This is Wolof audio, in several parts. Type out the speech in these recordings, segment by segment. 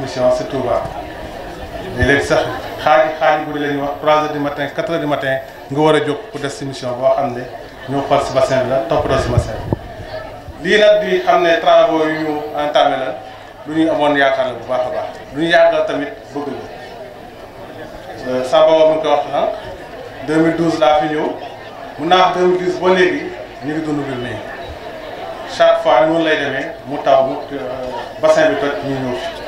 mission si Touba léeg-léeg sax xaaji xaaji bu di la wax 3 heures du matin 4 heures du matin nga war a jóg pour des si mission boo xam ne ñoo xool si bassin bi la toppatoo si bassin bi lii la bi xam ne travaux yu ñu entamé la lu ñuy amoon yaakaar la bu baax a baax lu ñu yaakaar tamit bëgg la euh, Samba Ba mu ngi koy wax nag 2012 laa ñu ngi dund chaque fois noonu lay demee mu taw euh, bassin bi toj ñu ñëw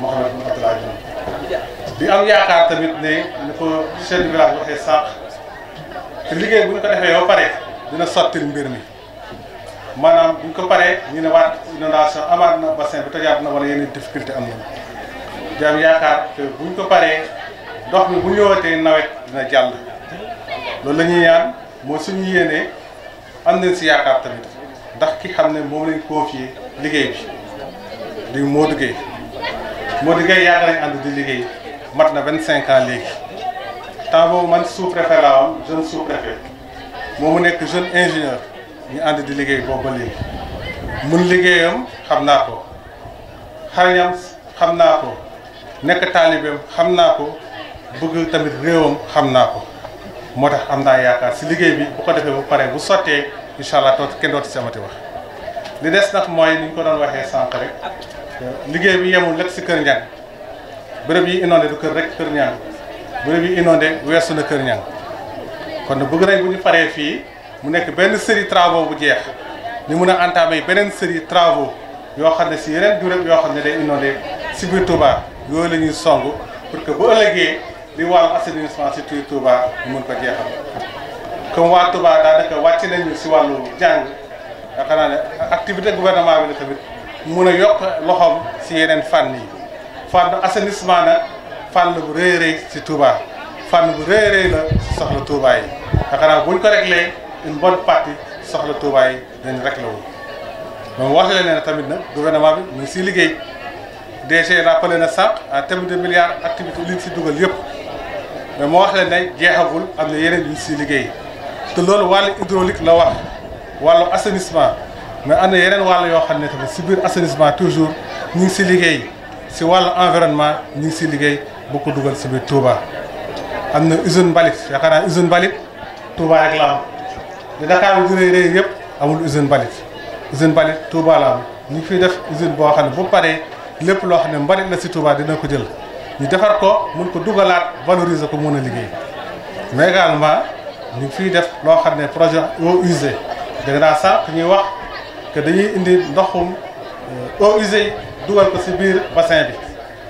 Mouhamed Abdoulaye Diouf di am yaakaar tamit ne ni ko chef du village waxee sànq te liggéey bu ñu ko defee ba pare dina sottil mbir mi maanaam bu ñu ko pare ñu ne waat inondation amaat na bassin bi tojaat na wala yeneen difficulté am nañu di am yaakaar te bu ñu ko paree ndox mi bu ñëwatee nawet dina jàll loolu la ñuy ñaan mooy suñu yéenee am nañ si yaakaar tamit ndax ki xam ne moom lañ confié liggéey bi di moo liggéey modi di Gueye yàgg nañ ànd di liggéey mat na 25 ans léegi temps boobu man sous préfet laa am jeune sous préfet moo mu nekk jeune ingénieur ñu ànd di liggéey boobu ba léegi mun liggéeyam xam naa ko xariñam xam naa ko nekk taalibeem xam naa ko bëgg tamit réewam xam naa ko moo tax am naa yaakaar si liggéey bi bu ko defee bu pare bu sottee incha allah toog kenn dootu si wax li des nag mooy ni ñu ko doon waxee sànq rek liggéey bi yemul lekk si Kër Niang bërëb yi inondé du kër rek Kër Niang bërëb yi inondé weesu na Kër Niang kon nag bëgg nañ bu ñu paree fii mu nekk benn série travaux bu jeex ñu mën a yi beneen série travaux yoo xam ne si yeneen durée yoo xam ne day inondé si biir Touba yooyu la ñuy song pour que bu ëllëgee li wàllu assainissement si biir Touba ñu mun ko jeexal comme waa Touba daanaka wàcc nañu si wàllu jàng. yaakaar naa ne activité gouvernement bi la tamit mun a yokk loxoom si yeneen fànn yi fànn assainissement nag fànn bu rëy rëy si Touba fànn bu rëy rëy la si soxla Touba yi yaakaar naa buñ ko réglé une bonne partie soxla Touba yi dañ réglé wu. moom wax la ne tamit nag gouvernement bi mu ngi siy liggéey DG rappelé na sànq en terme de milliards activité li ñu si dugal yëpp mais moo wax leen ne jeexagul am na yeneen yu ñu siy liggéey te loolu wàllu hydraulique la wax. wàllu assainissement mais am na yeneen wàll yoo xam ne tamit si biir assainissement toujours ñu ngi si liggéey si wàllu environnement ñu ngi si liggéey boo ko dugal si biir Touba. am na usine mbalit yaakaar naa usine mbalit Touba rek la am di Dakar bi dina réy yëpp amul usine mbalit usine mbalit Touba la am ñu ngi fiy def usine boo xam ne bu paree lépp loo xam ne mbalit la si Touba dina ko jël ñu defar ko mun ko dugalaat valoriser ko mun a liggéey mais également ñu ngi fiy def loo xam ne projet eaux usées dégg naa sànq ñuy wax que dañuy indi ndoxum euh, eau usée dugal ko si biir bassin bi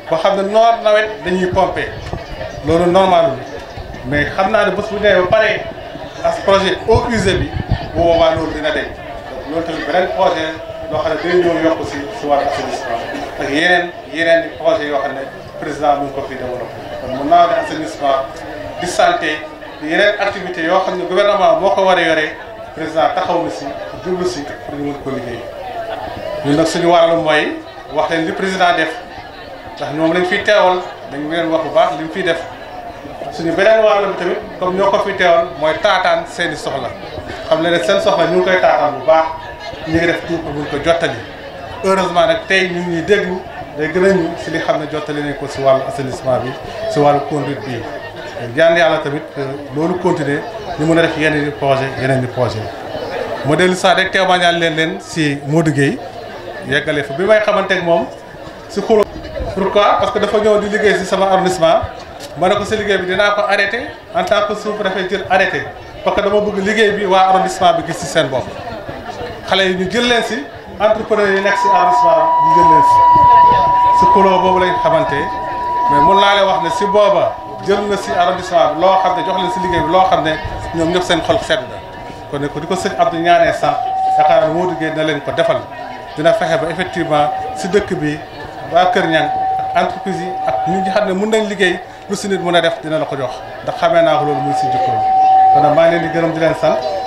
boo xam ne noor nawet dañuy pomper loolu normalul mais xam naa ne bés bu nee ba pare as projet eau usée bi bu boobaa loolu dina deñ loolu tamit beneen projet loo xam ne day ñëw yokk si si wàllu assainissement ak yeneen yeneen projet yoo xam ne président mu ngi ko fi développé kon mun naa ne assainissement di santé yeneen activité yoo xam ne gouvernement moo ko war a yore président taxaw na si jublu si pour ñu mën ko liggéey ñun nag suñu wàllu mooy wax leen li président def ndax ñoom lañ fi teewal dañ leen wax bu baax li mu fiy def suñu beneen wàll bi tamit comme ñoo ko fiy teewal mooy taataan seeni soxla xam ne ne seen soxla ñu ngi koy taataan bu baax ñu ngi def tout pour mun ko jottali heureusement nag tey ñu ñuy déglu day gën a ñu si li xam ne jottali nañ ko si wàllu assainissement bi si wàllu conduite bi ñaan yàlla tamit euh, loolu continuer ñu mun a def yeneen i projet yeneen i projet ma dellu saa rek témoignage leen leen si moo Gueye yeggale fa bi may xamante ak moom si xuloo pourquoi parce que dafa ñëw di liggéey si sama arrondissement ma ne ko si liggéey bi dinaa ko arrêté en tant que sous jël arrêté parce que dama bëgg liggéey bi waa arrondissement bi gis si seen bopp xale yi ñu jël leen si entrepreneur yi nekk si arrondissement ñu jël leen si si xuloo boobu lañ xamante mais mun naa leen wax ne si booba jël na si arrondissement bi loo xam ne jox leen si liggéey bi loo xam ne ñoom ñëpp seen xol sedd la kon ne ko di ko sëñ Abdou ñaanee sànq yaakaar moo liggéey na leen ko defal dina fexe ba effectivement si dëkk bi waa Kër Niang ak entreprise yi ak ñu nga xam ne mun nañ liggéey lu si nit mën a def dina la ko jox ndax xamee naa ko loolu muy si jikkoom kon maa ngi leen di gërëm di leen sant.